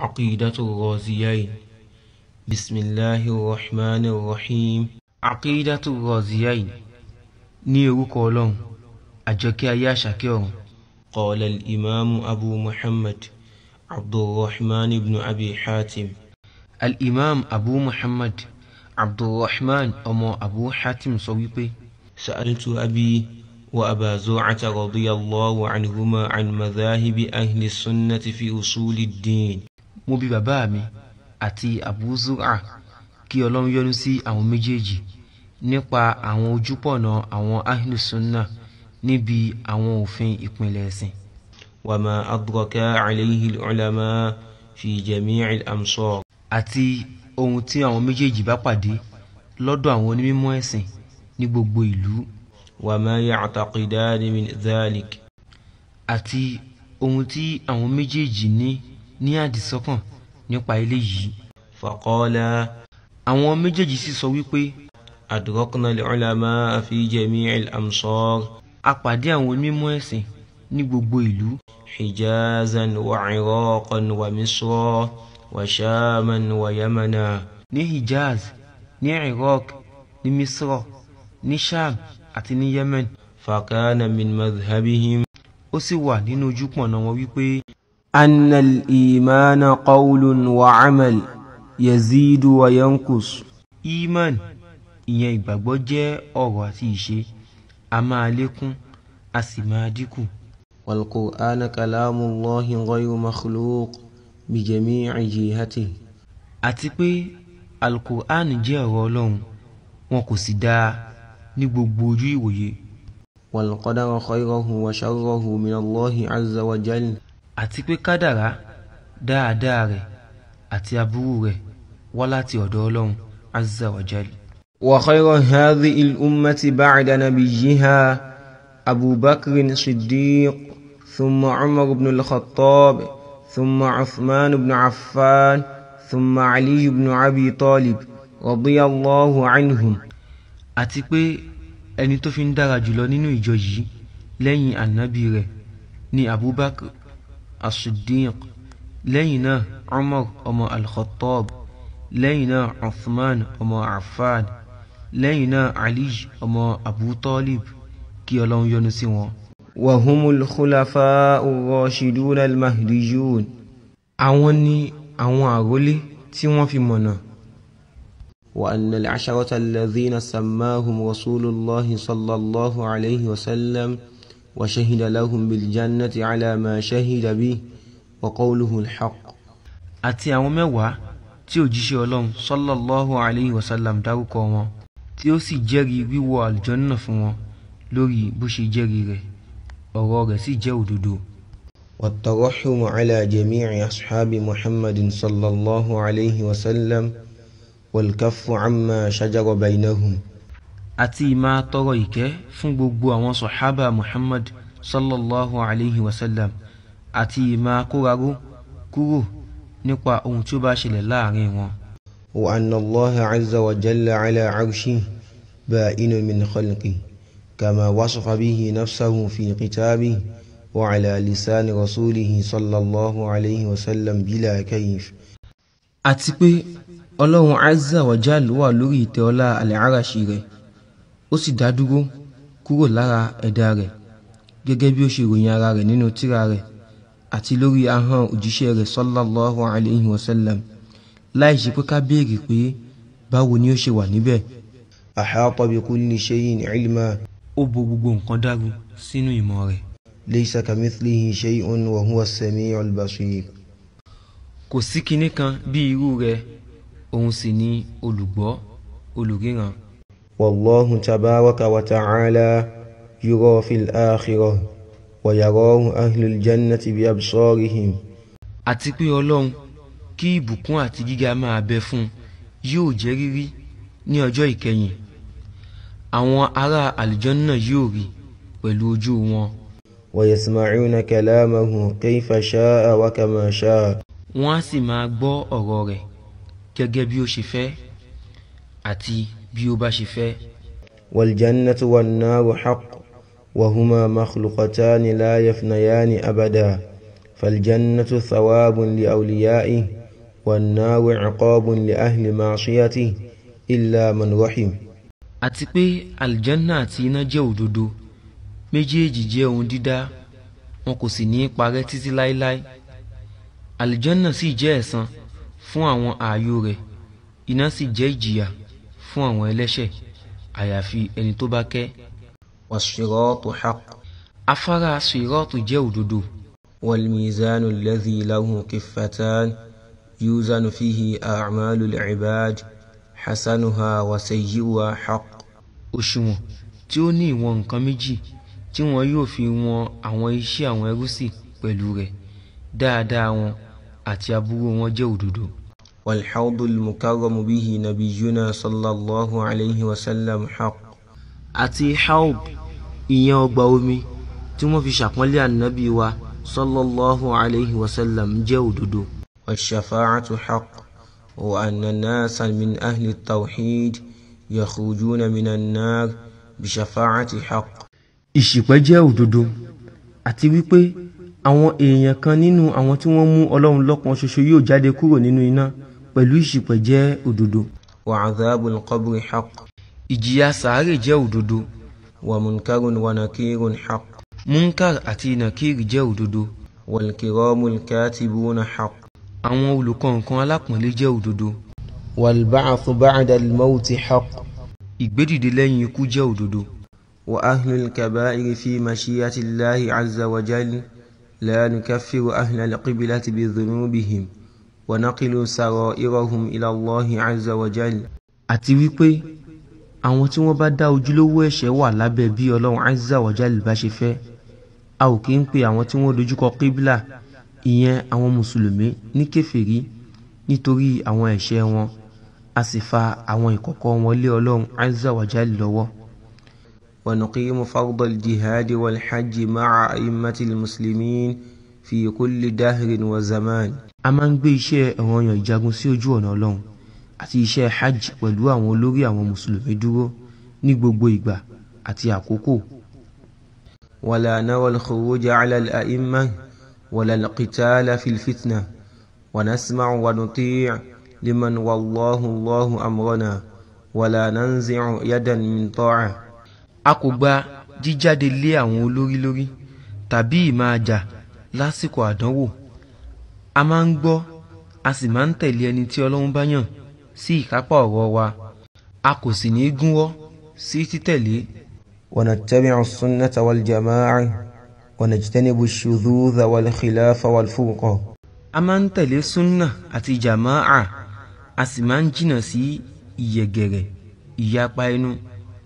عقيدة الغازيين بسم الله الرحمن الرحيم عقيدة الغازيين ní كولون ọlọ́run يا ayé قال الإمام أبو محمد عبد الرحمن بن أبي حاتم الإمام أبو محمد عبد الرحمن أمو أبو حاتم صويبي سألت أبي وأبا زوعة رضي الله عنهما عن مذاهب أهل السنة في أصول الدين mo bi bàbá mi àti Abu Zur'a kí ọlọ́run yọ́nú sí àwọn méjèèjì nípa àwọn ojúpọ̀nà àwọn ahlu sunna níbi àwọn òfin ìpìlẹ̀ ẹ̀sìn. wàmà adraka alayhi al-ulama fi jami'i al-amsar. àti ohun tí àwọn méjèèjì bá pàdé lọ́dọ̀ àwọn onímọ̀ ẹ̀sìn ní gbogbo ìlú. wàmà ya'taqidani min dhalik. àti ohun tí àwọn méjèèjì ní ní àdìsọ́kàn nípa eléyìí. faqala. àwọn méjèèjì sì sọ wípé. adrakna al-ulama fi jami'i al-amsar. a pàdé àwọn onímọ̀ ẹ̀sìn ní gbogbo ìlú. hijazan wa iraqan wa misra wa shaman wa yamana. ní hijaz ní iraq ní misra ní sham àti ní yemen. fakana min madhhabihim. ó sì wà nínú ojúpọ̀nà wọn wípé. أن الإيمان قول وعمل يزيد وينقص إيمان ìyẹn ìgbàgbọ́ jẹ́ ọ̀rọ̀ àti ìṣe a máa lékún a sì máa dínkù. والقرآن كلام الله غير مخلوق بجميع جهته. àti pé alukur'an jẹ́ ọ̀rọ̀ ọlọ́run wọn kò sì dáa ní gbogbo ojú ìwòye. والقدر خيره وشره من الله عز وجل àti pé kádàrá dáadáa rẹ̀ àti aburú rẹ̀ wá láti ọ̀dọ̀ ọlọ́run azza wa jal. wa khayra hadhihi al-ummati ba'da nabiyyiha abubakar siddiq thumma umar ibn al-khattab thumma uthman ibn affan thumma ali ibn abi talib radiyallahu anhum. àti pé ẹni tó fi ń dára jùlọ nínú ìjọ yìí lẹ́yìn ànábì rẹ̀ ni abubakar as-siddiq lẹ́yìn náà umar ọmọ al-khattab lẹ́yìn náà uthman ọmọ affan lẹ́yìn náà ali ọmọ abu talib kí ọlọ́run yọ́nú sí wọn. wa humul khulafa'ur rashidun al-mahdiyun. àwọn ni àwọn àrólé tí wọ́n fi mọ̀nà. وأن العشرة الذين سماهم رسول الله صلى الله عليه وسلم وشهد لهم بالجنة على ما شهد به وقوله الحق àti àwọn mẹ́wàá tí òjíṣẹ́ ọlọ́run sallallahu alayhi wa sallam dárúkọ wọn tí ó sì jẹ́rìí wíwọ àlùjọ́nà fún wọn lórí bó ṣe jẹ́rìí rẹ̀ ọ̀rọ̀ rẹ̀ sì jẹ́ òdodo. والترحم على جميع أصحاب محمد صلى الله عليه وسلم والكف عما شجر بينهم àti ìmá tọrọ ìkẹ́ fún gbogbo àwọn sọ̀hábà muhammad sallallahu alayhi wa sallam àti ìmá kóraró kúrò nípa ohun tí ó bá ṣẹlẹ̀ láàrin wọn. wa anna allaha azza wa jalla ala arshihi ba'inu min khalqi kama wasafa bihi nafsahu fi kitabihi wa ala lisani rasulihi sallallahu alayhi wa sallam bila kayif. àti pé ọlọ́run azza jalla wà lórí ìtẹ́ ọlá àlẹ́ àràṣì rẹ̀ ó sì dá dúró kúrò lára ẹ̀dá rẹ̀ gẹ́gẹ́ bí ó ṣe ròyìn ara rẹ̀ nínú tírà rẹ̀ àti lórí ahọ́n òjíṣẹ́ rẹ̀ sallallahu alayhi wa sallam láì ṣe pé ká béèrè pé báwo ni ó ṣe wà níbẹ̀. ahata bi kulli shay'in ilma. ó bo gbogbo nǹkan dáru sínú ìmọ̀ rẹ̀. laysa kamithlihi shay'un wa huwa as-sami'ul basir. kò sí kinní kan bí irú rẹ̀ òun sì ni olùgbọ́ olùríran. والله تبارك وتعالى يرى في الآخرة ويراه أهل الجنة بأبصارهم àti الله كي بكون ìbùkún àti أبفون máa bẹ fún un yóò jẹ́ rírí ní ọjọ́ ìkẹyìn àwọn ará àlùjànnà yóò rí pẹ̀lú ojú wọn. ويسمعون كلامه كيف شاء وكما شاء. wọ́n á sì máa gbọ́ ọ̀rọ̀ rẹ̀ gẹ́gẹ́ bí ó ṣe fẹ́ àti bí ó bá ṣe fẹ́. waljannatu wan naru haqq wa huma makhluqatani la yafnayani abada faljannatu thawabun li awliya'i wan naru iqabun li ahli ma'siyati illa man rahim. àti pé aljanna àti iná jẹ́ òdodo méjèèjì jẹ́ ohun dídá wọn kò sì ní í parẹ́ títí láéláé aljanna sì jẹ́ ẹ̀san fún àwọn ààyò rẹ̀ iná sì jẹ́ ìjìyà fún àwọn ẹlẹ́ṣẹ̀ àyàfi ẹni tó bá kẹ́. was-siratu haqq. afárá sirọ́ọ̀tù jẹ́ òdodo. wal-mizanu alladhi lahu kiffatan yuzanu fihi a'malu al-ibad hasanuha wa sayyi'uha haqq. òṣùwọ̀n tí ó ní ìwọ̀n nǹkan méjì tí wọn yóò fi wọn àwọn iṣẹ́ àwọn ẹrú sí pẹ̀lú rẹ̀ dáadáa wọn àti aburú wọn jẹ́ òdodo. والحوض المكرم به نبينا صلى الله عليه وسلم حق àti haub ìyẹn ọgbà omi tí wọ́n fi ṣàpọ́nlé ànábì wa sallallahu alayhi wa sallam jẹ́ òdodo. والشفاعة حق وأن الناس من أهل التوحيد يخرجون من النار بشفاعة حق. ìṣìpẹ̀ jẹ́ òdodo àti wípé àwọn èèyàn kan nínú àwọn tí wọ́n mú ọlọ́run lọ́kan ṣoṣo yóò jáde kúrò nínú iná pẹ̀lú ìṣìpẹ̀ jẹ́ òdodo. wa adhabul qabri haqq. ìjìyà sàárè jẹ́ òdodo. wa munkarun wa nakirun haqq. munkar àti nakiri jẹ́ òdodo. wal kiramul katibuna haqq. àwọn olùkọ́ nǹkan alápọ̀nlé jẹ́ òdodo. wal ba'thu ba'dal mawti haqq. ìgbédìde lẹ́yìn ikú jẹ́ òdodo. wa ahlul kaba'iri fi mashiyatillahi azza wa jal la nukaffiru ahlal qiblati bi dhunubihim wa naqilu sarairahum ila Allahi azza wa jalla. àti wípé àwọn tí wọ́n bá dá ojúlówó ẹ̀ṣẹ̀ wà lábẹ́ bí ọlọ́run azza wa jalla bá ṣe fẹ́ a ò kí ń pe àwọn tí wọ́n dojúkọ kíbla ìyẹn àwọn mùsùlùmí ní kèfèrí nítorí àwọn ẹ̀ṣẹ̀ wọn a sì fa àwọn ìkọ̀kọ̀ wọn lé ọlọ́run azza wa jalla lọ́wọ́. wa nuqimu jihadi wal hajji ma'a a'immatil muslimin fi kulli dahrin wa zaman. a máa ń gbé iṣẹ́ ọ̀ranyàn ìjagun sí ojú ọ̀nà ọlọ́run àti iṣẹ́ hajj pẹ̀lú àwọn olórí àwọn mùsùlùmí dúró ní gbogbo ìgbà àti àkókò. wala nawal khuruja ala al-a'imma wala al-qitala fil fitna wa nasma'u wa nuti' liman wallahu allahu amrana wala nanzi'u yadan min ta'a. a kò gba jíjáde lé àwọn olórí lórí tàbí ìmáa jà lásìkò àdánwò a máa ń gbọ́ a sì máa ń tẹ̀lé ẹni tí ọlọ́run bá yàn sí ìkápá ọ̀rọ̀ wa a kò sì ní í gúnwọ́ sí títẹ̀lé. ونتبع السنة والجماعة ونجتنب الشذوذ والخلاف والفوق. a máa ń tẹ̀lé súnà àti jàmáà a sì máa ń jìnnà sí ìyẹ̀gẹ̀rẹ̀ ìyapa ẹnu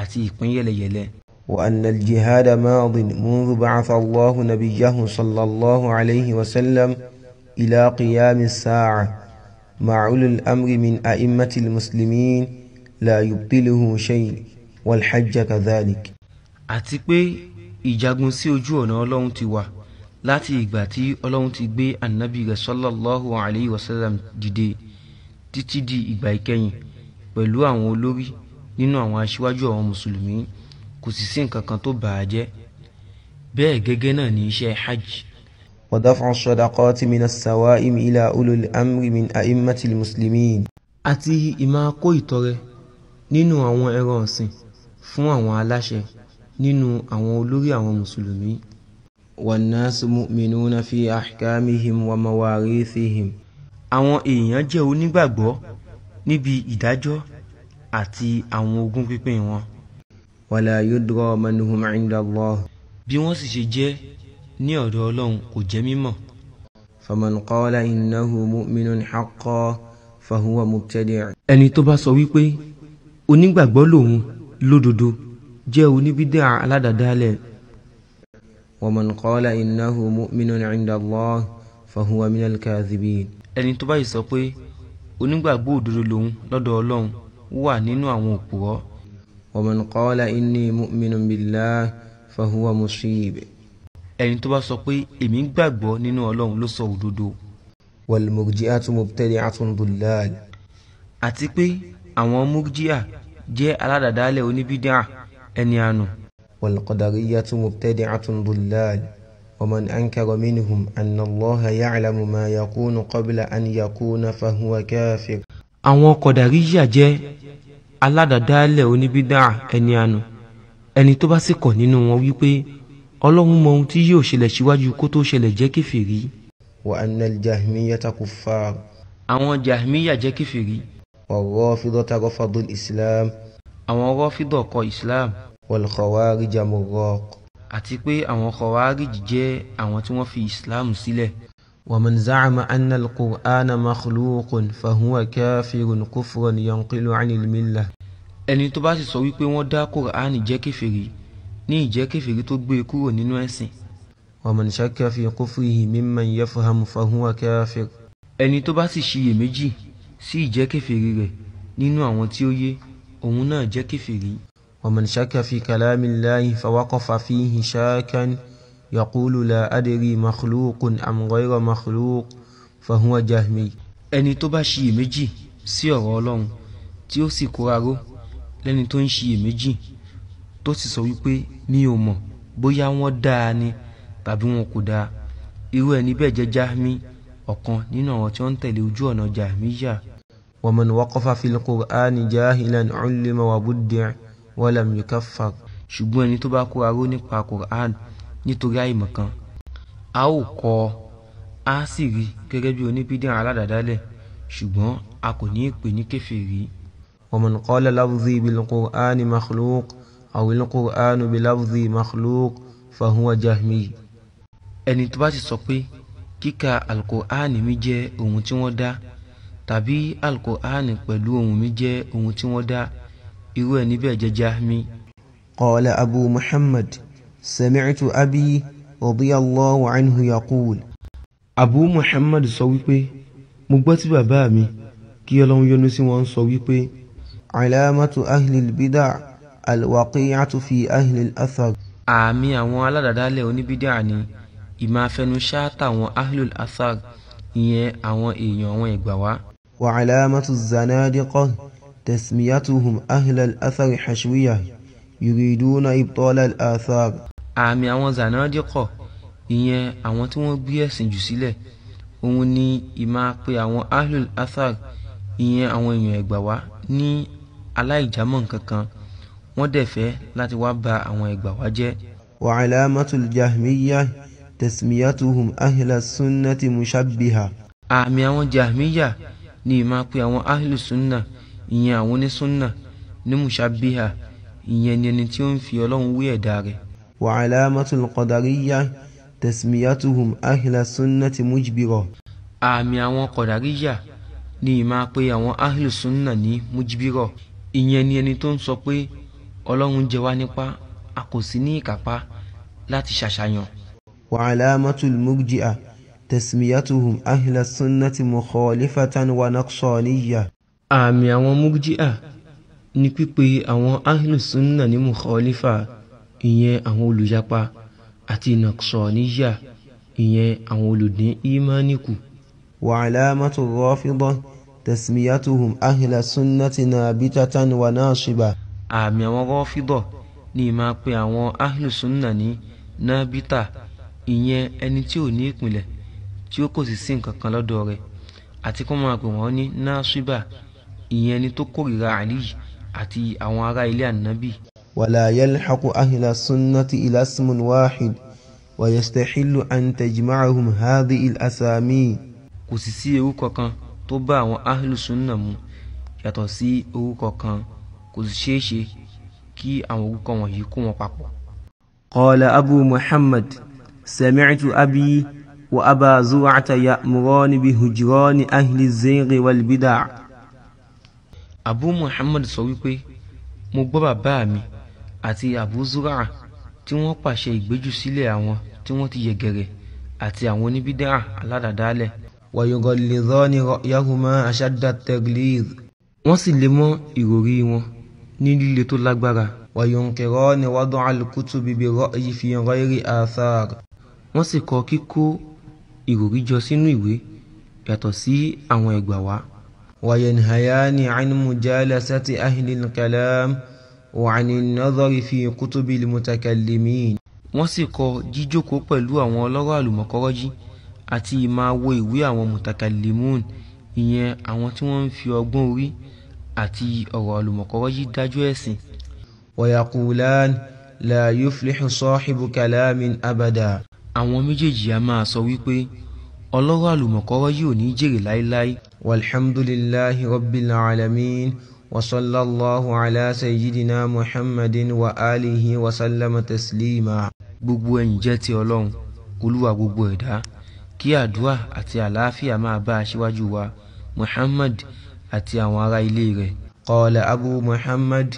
àti ìpín yẹlẹyẹlẹ. وأن الجهاد ماض منذ بعث الله نبيه صلى الله عليه وسلم إلى قيام الساعة مع أولي الأمر من أئمة المسلمين لا يبطله شيء والحج كذلك àti pé ìjagun sí ojú ọ̀nà ọlọ́run ti wà láti ìgbà tí ọlọ́run ti gbé ànábì rẹ̀ sallallahu alayhi wa sallam dìde títí di ìgbà ìkẹyìn pẹ̀lú àwọn olórí nínú àwọn aṣíwájú àwọn mùsùlùmí kò sì sí nǹkan kan tó bà á jẹ́ bẹ́ẹ̀ gẹ́gẹ́ náà ni iṣẹ́ hajj. wàdáfà sadaqati minas sawaim ila ulul amri min a'immatil muslimin. àti ìmáa kó ìtọrẹ nínú àwọn ẹran ọ̀sìn fún àwọn aláṣẹ nínú àwọn olórí àwọn mùsùlùmí. wannasu mu'minuna fi ahkamihim wa mawarithihim. àwọn èèyàn jẹ́ onígbàgbọ́ níbi ìdájọ́ àti àwọn ogún pínpín wọn wala yudra man hum inda Allah. bí wọ́n sì ṣe jẹ́ ní ọ̀dọ̀ ọlọ́run kò jẹ́ mímọ̀. faman qala innahu mu'minun haqqan fahuwa mubtadi'. ẹni tó bá sọ wípé onígbàgbọ́ lòun lódodo jẹ́ oníbídà aládàdálẹ̀. waman qala innahu mu'minun inda fahuwa minal kadhibin. ẹni tó bá yìí sọ pé onígbàgbọ́ òdodo lòun lọ́dọ̀ ọlọ́run wà nínú àwọn òpùrọ́. ومن قال إني مؤمن بالله فهو مصيب ẹni tó bá sọ pé èmi ń gbàgbọ́ nínú ọlọ́run ló sọ òdodo. والمرجئة مبتدعة ضلال. àti pé àwọn murji'a jẹ́ aládàdálẹ̀ oníbídà ẹni àánú. والقدرية مبتدعة ضلال ومن أنكر منهم أن الله يعلم ما يكون قبل أن يكون فهو كافر. àwọn kọ̀dàríyà jẹ́ aládàdálẹ̀ oníbídà ẹni àná ẹni tó bá sì kọ̀ nínú wọn wípé ọlọ́run mọ ohun tí yóò ṣẹlẹ̀ síwájú kó tó ṣẹlẹ̀ jẹ́ kèfèrí. wa anna al-jahmiyata kuffar. àwọn jahmiya jẹ́ kèfèrí. wa rafidata rafadul islam. àwọn rọ́fídọ̀ kọ̀ islam. wal khawarija àti pé àwọn khawarij jẹ́ àwọn tí wọ́n fi islam sílẹ̀. ومن زعم أن القرآن مخلوق فهو كافر كفرا ينقل عن الملة ẹni tó bá sì sọ wípé wọ́n dá Qur'an jẹ́ kèfèrí ní ìjẹ́ kèfèrí tó gbé e kúrò nínú ẹ̀sìn. ومن شك في كفره ممن يفهم فهو كافر. ẹni tó bá sì ṣiyèméjì sí ìjẹ́ kèfèrí rẹ̀ nínú àwọn tí ó yé òun náà jẹ́ kèfèrí. ومن شك في كلام الله فوقف فيه شاكا. يقول لا أدري مخلوق أم غير مخلوق فهو جهمي ẹni tó bá ṣiyèméjì sí ọ̀rọ̀ ọlọ́run tí ó sì kóra ró lẹ́ni tó ń ṣiyèméjì tó sì sọ wípé mi ò mọ̀ bóyá wọ́n dáa ni tàbí wọn kò dáa irú ẹni bẹ́ẹ̀ jẹ́ jahmi ọ̀kan nínú àwọn tí wọ́n ń tẹ̀lé ojú ọ̀nà jahmiya. ومن وقف في القرآن جاهلا علم وبدع ولم يكفر. ṣùgbọ́n ẹni tó bá kóra ró nípa Qur'an nítorí àìmọ̀kan a ó kọ́ ọ a sì rí gẹ́gẹ́ bí oníbídàn aládàdálẹ̀ ṣùgbọ́n a kò ní í pè ní kèfèrí. ومن قال لفظي بالقرآن مخلوق أو القرآن بلفظي مخلوق فهو جهمي. ẹni tó bá ti sọ pé kíka alukur'an mi jẹ́ ohun tí wọ́n dá tàbí alukur'an pẹ̀lú ohun mi jẹ́ ohun tí wọ́n dá irú ẹni bẹ́ẹ̀ jẹ́ jahmi. قال أبو محمد sami'tu abi radiyallahu anhu yaqul. abu muhammad sọ wípé mo gbọ́ tí bàbá mi kí ọlọ́run yọ́nú sí wọn sọ wípé alamatu ahlil bida alwaqiyatu fi ahlil athar. àmì àwọn aládàdálẹ̀ oníbídà ni ìmọ̀ afẹnuṣá tàwọn ahlul athar ìyẹn àwọn èèyàn àwọn ìgbà wá. wa alamatu zanadiqa tasmiyatuhum ahlil athar hashwiyah yuriduna ibtal al-athar. àmì àwọn zanadikọ ìyẹn àwọn tí wọ́n gbé ẹ̀sìn jù sílẹ̀ òun ni ìmá pe àwọn ahlul athar ìyẹn àwọn èèyàn ẹ̀gbà wá ní aláìjámọ̀ kankan wọ́n dẹ̀ fẹ́ láti wá bà àwọn ẹ̀gbà wá jẹ́. wa alamatul jahmiyyah tasmiyatuhum ahla sunnati mushabbiha. àmì àwọn jahmiya ni ìmá pe àwọn ahlus sunna ìyẹn àwọn onísunna ní mushabbiha ìyẹn ni ẹni tí ó ń fi ọlọ́run wé ẹ̀dá rẹ̀. wa alamatul qadariyya tasmiyatuhum ahla sunnati mujbiro. àmì àwọn qadariyya ni ìmá pé àwọn ahlu sunna ní mujbiro ìyẹn ni ẹni tó ń sọ pé ọlọ́run jẹ wá nípa a kò sí ní ìkápá láti ṣàṣàyàn. wa alamatul murji'a tasmiyatuhum ahla sunnati mukhalifatan wa naqsaniya. àmì àwọn murji'a ni pípe àwọn ahlùsúnnà ní mukhalifa ìyẹn àwọn olùyapa àti naqshoniya ìyẹn àwọn olùdín ìmáníkù. wa alamatu rafidah tasmiyatuhum ahla sunnati nabitatan wa nashiba. àmì àwọn rafidah ni máa pe àwọn ahlùsúnnà ní nabita ìyẹn ẹni tí ò ní ìpìlẹ̀ tí ó kò sì sí nǹkan kan lọ́dọ̀ rẹ̀ àti kó máa pè wọ́n ní nashiba ìyẹn ẹni tó kórìíra àlì àti àwọn ará ilé ànábì. wàlá yalhaqu ahla sunnati ila ismun wahid wa yastahillu an tajma'ahum hadhihi al-asami. kò sì sí orúkọ kan tó bá àwọn ahlu sunna mu yàtọ̀ sí orúkọ kan kò sì ṣeé ṣe kí àwọn orúkọ wọ̀nyí kó wọn papọ̀. قال أبو محمد سمعت أبي وأبا زرعة يأمران بهجران أهل الزيغ والبدع abu muhammad sọ wípé mo gbọ́ bàbá mi àti abu zura tí wọ́n pàṣẹ ìgbéjú sílẹ̀ àwọn tí wọ́n ti yẹ̀gẹ̀rẹ̀ àti àwọn oníbídà aládàdálẹ̀. wàyọ̀gọ̀ lè rọ́ ní yahuma aṣáda tẹ́gìlìr. wọ́n sì lè mọ ìròrí wọn ní líle tó lágbára. wàyọ̀nkẹ̀rọ́ ni wàdùn alùkùtù bíbí rọ èyí fi hàn rẹ́rì àṣàr. wọ́n sì kọ kíkó ìròrí jọ sínú ìwé yàtọ̀ sí àwọn ẹgbàá wa. وينهيان عن مجالسة أهل الكلام وعن النظر في كتب المتكلمين wọ́n sì kọ jíjókòó pẹ̀lú àwọn ọlọ́rọ̀ àlùmọ̀kọ́rọ́jí àti máa wo ìwé àwọn mutakallimun ìyẹn àwọn tí wọ́n ń fi ọgbọ́n orí àti ọ̀rọ̀ àlùmọ̀kọ́rọ́jí dájọ́ ẹ̀sìn. ويقولان لا يفلح صاحب كلام أبدا. àwọn méjèèjì a máa sọ wípé ọlọ́rọ̀ àlùmọ̀kọ́rọ́jí ò ní jèrè láéláé. والحمد لله رب العالمين وصلى الله على سيدنا محمد وآله وسلم تسليما gbogbo ẹ̀yin jẹ́ ti ọlọ́run olúwa gbogbo ẹ̀dá kí àdúrà àti àlàáfíà máa bá aṣíwájú wa muhammad àti àwọn ará ilé rẹ̀. qala abu muhammad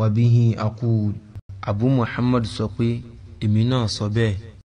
wabihi aqul abu muhammad sọ pé èmi náà sọ bẹ́ẹ̀.